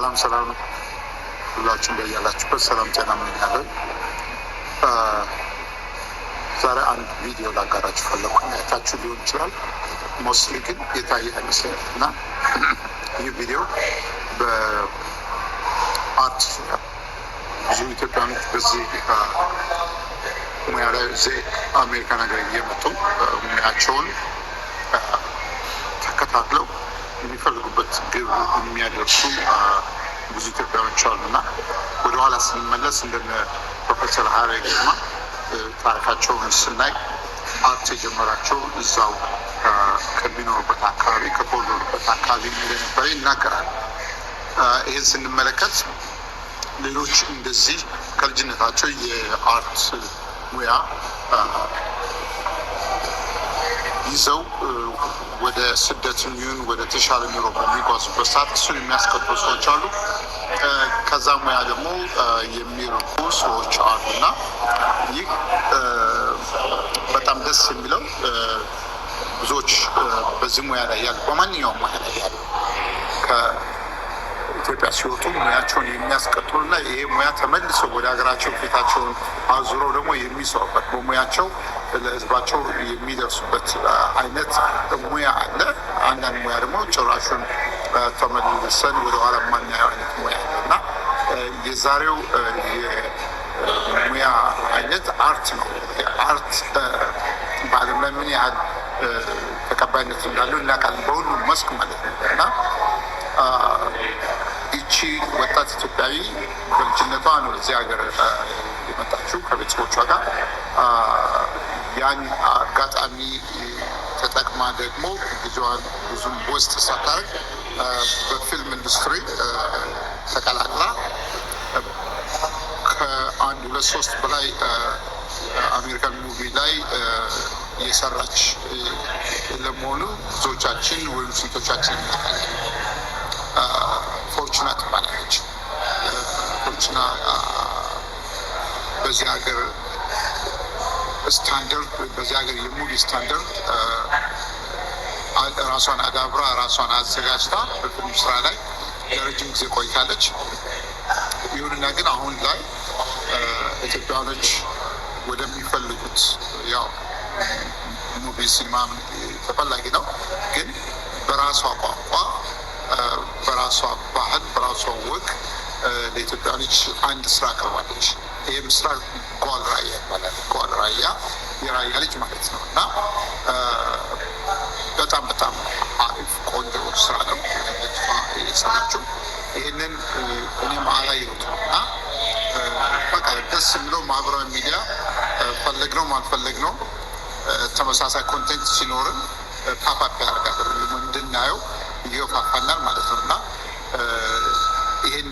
ሰላም ሰላም ሁላችሁም በያላችሁበት ሰላም ጤና ምንኛለን። ዛሬ አንድ ቪዲዮ ላጋራችሁ ፈለኩ። አይታችሁ ሊሆን ይችላል፣ ሞስሊ ግን የታየ አይመስለኛል እና ይህ ቪዲዮ በአርት ዙሪያ ብዙ ኢትዮጵያኖች በዚህ ሙያ ላይ እዚህ አሜሪካ ነገር እየመጡ ሙያቸውን ተከታትለው የሚፈልጉበት ግብ የሚያደርሱ ብዙ ኢትዮጵያዎች ወደ ወደኋላ ስንመለስ እንደነ ፕሮፌሰር ሀረግ ግርማ ታሪካቸውን ስናይ አርት የጀመራቸው እዛው ከሚኖሩበት አካባቢ ከተወለዱበት አካባቢ እንደነበረ ይናገራል። ይህን ስንመለከት ሌሎች እንደዚህ ከልጅነታቸው የአርት ሙያ ይዘው ወደ ስደት የሚሆን ወደ ተሻለ ኑሮ በሚጓዙበት ሰዓት እሱን የሚያስከትሉ ሰዎች አሉ። ከዛ ሙያ ደግሞ የሚርቁ ሰዎች እና ይህ በጣም ደስ የሚለው ብዙዎች በዚህ ሙያ ላይ ያሉ በማንኛውም ሙያ ላይ ያሉ ከኢትዮጵያ ሲወጡ ሙያቸውን እና ይሄ ሙያ ተመልሰው ወደ ሀገራቸው ፊታቸውን አዙረው ደግሞ የሚሰሩበት በሙያቸው ለህዝባቸው የሚደርሱበት አይነት ሙያ አለ። አንዳንድ ሙያ ደግሞ ጭራሹን ተመልሰን ወደኋላ ማናየው አይነት ሙያ የዛሬው የሙያ አይነት አርት ነው። አርት በዓለም ላይ ምን ያህል ተቀባይነት እንዳለው እናውቃለን፣ በሁሉም መስክ ማለት ነው እና ይቺ ወጣት ኢትዮጵያዊ በልጅነቷ ነው እዚህ ሀገር የመጣችው ከቤተሰቦቿ ጋር። ያን አጋጣሚ ተጠቅማ ደግሞ ጊዜዋን ብዙም ወስጥ ሳታደርግ በፊልም ኢንዱስትሪ ተቀላቅላ ከአንድ ሁለት ሶስት በላይ አሜሪካን ሙቪ ላይ የሰራች ለመሆኑ ብዙዎቻችን ወይም ስንቶቻችን እናውቃለን። ፎርቹና ትባላለች። ፎርቹና በዚህ ሀገር ስታንደርድ በዚህ ሀገር የሙቪ ስታንደርድ ራሷን አዳብራ ራሷን አዘጋጅታ በፊልም ስራ ላይ ለረጅም ጊዜ ቆይታለች። ይሁንና ግን አሁን ላይ ኢትዮጵያኖች ወደሚፈልጉት ያው ሙቪ ሲኒማ ተፈላጊ ነው፣ ግን በራሷ ቋንቋ፣ በራሷ ባህል፣ በራሷ ወግ ለኢትዮጵያኖች አንድ ስራ ቀርባለች። ይህም ስራ ጓል ራያ ይባላል። ጓል ራያ የራያ ልጅ ማለት ነው እና በጣም በጣም ይህንን እኔም አላየሁትም እና በቃ ደስ የሚለው ማህበራዊ ሚዲያ ፈለግነው አልፈለግነው ተመሳሳይ ኮንቴንት ሲኖርን ፓፓፕ ያደርጋል እንድናየው ይገፋፋናል ማለት ነው እና ይህን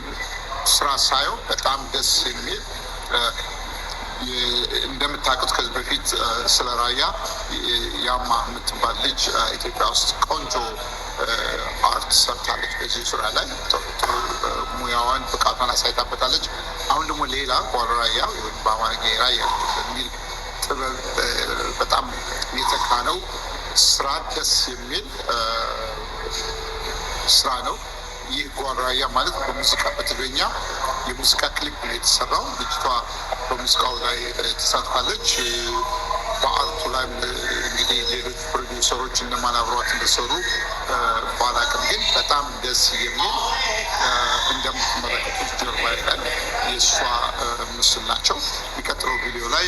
ስራ ሳየው በጣም ደስ የሚል እንደምታውቁት ከዚህ በፊት ስለ ራያ ያማ የምትባል ልጅ ኢትዮጵያ ውስጥ ቆንጆ አርት ሰርታለች። በዚህ ዙሪያ ላይ ሙያዋን ብቃቷን አሳይታበታለች። አሁን ደግሞ ሌላ ዋራያ በአማራ የሚል ጥበብ በጣም ነው ስራ ደስ የሚል ስራ ነው። ይህ ጓራያ ማለት በሙዚቃ በትግርኛ የሙዚቃ ክሊፕ ነው የተሰራው። ልጅቷ በሙዚቃው ላይ ተሳትፋለች። በአርቱ ላይ እንግዲህ ሌሎች ፕሮዲውሰሮች እነማን አብሯት እንደሰሩ ባላቅም፣ ግን በጣም ደስ የሚል እንደምትመለከቱት ጀርባ ያል የእሷ ምስል ናቸው። የሚቀጥለው ቪዲዮ ላይ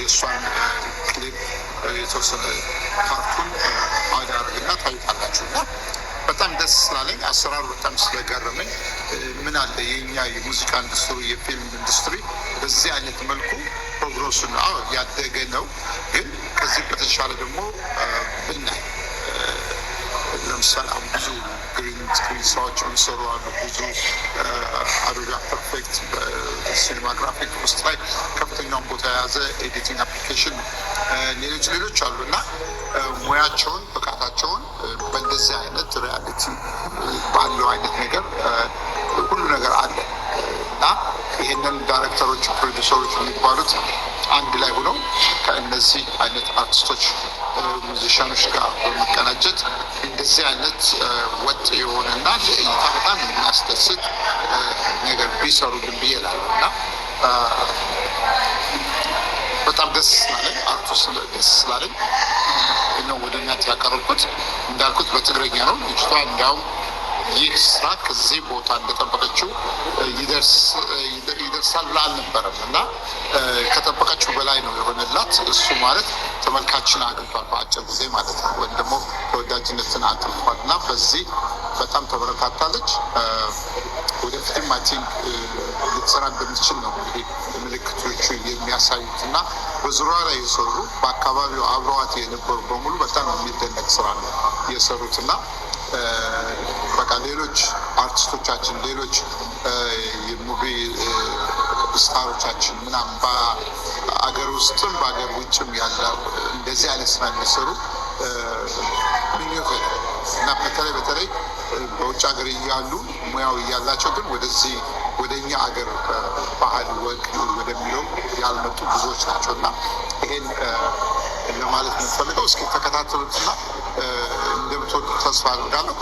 የእሷን ክሊፕ የተወሰነ ፓርቱን አዳርግና ታይታላችሁ እና በጣም ደስ ስላለኝ አሰራሩ በጣም ስለገረመኝ ምን አለ የኛ የሙዚቃ ኢንዱስትሪ የፊልም ኢንዱስትሪ በዚህ አይነት መልኩ ፕሮግረሱን አዎ ያደገ ነው፣ ግን ከዚህ በተሻለ ደግሞ ብናይ ለምሳሌ አሁን ብዙ ግሪን ስክሪን ስራዎች የሚሰሩ አሉ። ብዙ አዶዳ ፐርፌክት በሲኒማግራፊክ ውስጥ ላይ ከፍተኛውን ቦታ የያዘ ኤዲቲንግ አፕሊኬሽን ሌሎች ሌሎች አሉ እና ሙያቸውን ህይወታቸውን በእንደዚህ አይነት ሪያሊቲ ባለው አይነት ነገር ሁሉ ነገር አለ እና ይህንን ዳይሬክተሮች፣ ፕሮዲሰሮች የሚባሉት አንድ ላይ ሆነው ከእነዚህ አይነት አርቲስቶች፣ ሙዚሽያኖች ጋር በመቀናጀት እንደዚህ አይነት ወጥ የሆነና ለእይታ በጣም የሚያስደስት ነገር ቢሰሩ ብዬ እላለሁ እና በጣም ደስ ስላለኝ አርቶ ደስ ስላለኝ ነው ወደ እናት ያቀረብኩት። እንዳልኩት በትግረኛ ነው። ልጅቷ እንዲያውም ይህ ስራ ከዚህ ቦታ እንደጠበቀችው ይደርሳል ብላ አልነበረም እና ከጠበቀችው በላይ ነው የሆነላት። እሱ ማለት ተመልካችን አግኝቷል በአጭር ጊዜ ማለት ነው፣ ወይም ደግሞ ተወዳጅነትን አትርፏል እና በዚህ በጣም ተበረታታለች። ወደፊትም አይ ቲንክ ልትሰራ እንደምትችል ነው እንግዲህ ሰርታቸው የሚያሳዩት እና በዙሪያ ላይ የሰሩ በአካባቢው አብረዋት የነበሩ በሙሉ በጣም የሚደነቅ ስራ ነው የሰሩት እና በቃ ሌሎች አርቲስቶቻችን ሌሎች የሙቪ ስታሮቻችን ምናምን በአገር ውስጥም በአገር ውጭም ያለ እንደዚህ አይነት ስራ የሚሰሩ እና በተለይ በተለይ በውጭ ሀገር እያሉ ሙያው እያላቸው ግን ወደዚህ ወደ እኛ አገር ባህል ወግ ወደሚለው ያልመጡ ብዙዎች ናቸው እና ይሄን ለማለት የምፈልገው እስኪ ተከታተሉትና እንደምትወዱ ተስፋ አድርጋለሁ።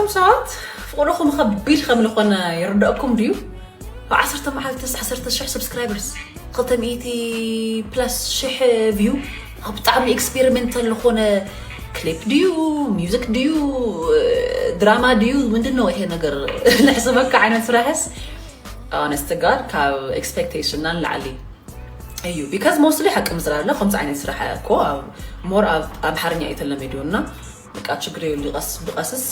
عصام سعاد فقولوكم خبيش خملو خونا يرد أكم ديو وعصرت ما حال تس عصرت شح سبسكرايبرز قطم إيتي بلس شح فيو هبت عم إكسبيرمنتال لخونا كليب ديو ميوزك ديو دراما ديو وين دنو إيه نقر لحسبك عنا سرحس honest to God كاو expectation نان لعلي أيو because mostly حكم زرار لخمس عيني سرحة كو more of أبحرني أيتلم يدونا ብቃ ችግር ብቀስስ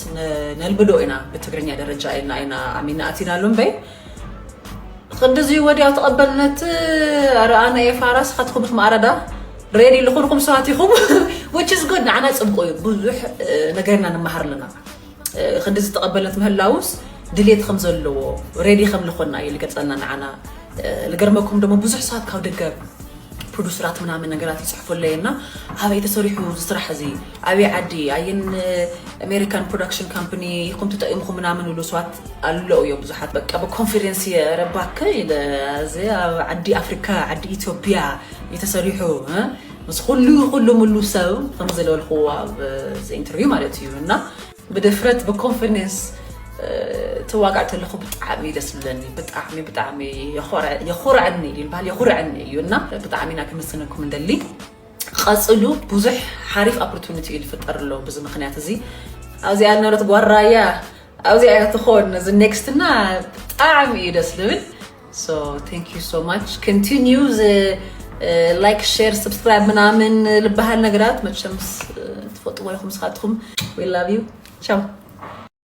ነልብዶ ኢና ብትግርኛ ደረጃ ኢና ኢና ኣሚና ኣቲና ሉ በይ ክንዲዚ ወዲያው ተቐበልነት ኣረኣና የፋራስ ካትኩም ትማኣረዳ ሬዲ ዝኾንኩም ሰባት ይኹም which is good ንዓና ፅቡቅ እዩ ብዙሕ ነገርና ንመሃር ኣለና ክንዲዚ ተቐበልነት ምህላውስ ድሌት ከም ዘለዎ ሬዲ ከም ዝኾና እዩ ዝገፀልና ንዓና ዝገርመኩም ደሞ ብዙሕ ሰባት ካብ ደገ ፕሮዱስራት ምናምን ነገራት ይፅሕፉለይ እና ኣበይ ተሰሪሑ ዝስራሕ እዚ ኣበይ ዓዲ ኣየን ኣሜሪካን ፕሮዳክሽን ካምፓኒ ኢኹም ተጠቂምኹም ምናምን ይብሉ ሰባት ኣለው እዮም ብዙሓት በ ብኮንፊደንስ ረባክ እዚ ኣብ ዓዲ ኣፍሪካ ዓዲ ኢትዮጵያ የተሰሪሑ ምስ ኩሉ ኩሉ ሙሉ ሰብ ከም ዘለበልክዎ ኣብ ኢንተርቪው ማለት እዩ እና ብድፍረት ብኮንፊደንስ ተዋጋዕ ተለኹ ብጣዕሚ እዩ ደስ ዝብለኒ ብጣዕሚ ብጣዕሚ የኹርዐኒ እዩ ዝበሃል የኹርዐኒ እዩ እና ብጣዕሚ ና ክምስነኩም እንደሊ ቀፅሉ ብዙሕ ሓሪፍ ኣፖርቱኒቲ እዩ ዝፍጠር ኣሎ ብዚ ምክንያት እዚ ኣብዚኣ ዝነበረት ጓራያ ኣብዚኣ ትኾን እዚ ኔክስት እና ብጣዕሚ እዩ ደስ ዝብል ሶ ታንክ ዩ ሶ ማች ኮንቲኒዩ ላይክ ሼር ሰብስክራይብ ምናምን ዝበሃል ነገራት መቸምስ ትፈልጥዎ ኢኹም ስኻትኩም ዊ ላቭ ዩ ቻው